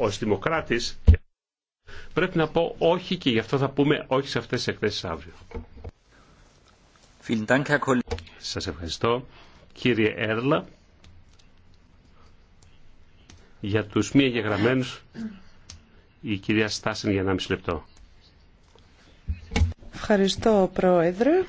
Ω δημοκράτη, πρέπει να πω όχι και γι' αυτό θα πούμε όχι σε αυτές τις εκθέσει αύριο. Σας ευχαριστώ κύριε Έρλα για τους μη εγγεγραμμένου. η κυρία Στάσεν για 1,5 λεπτό. Ευχαριστώ πρόεδρε.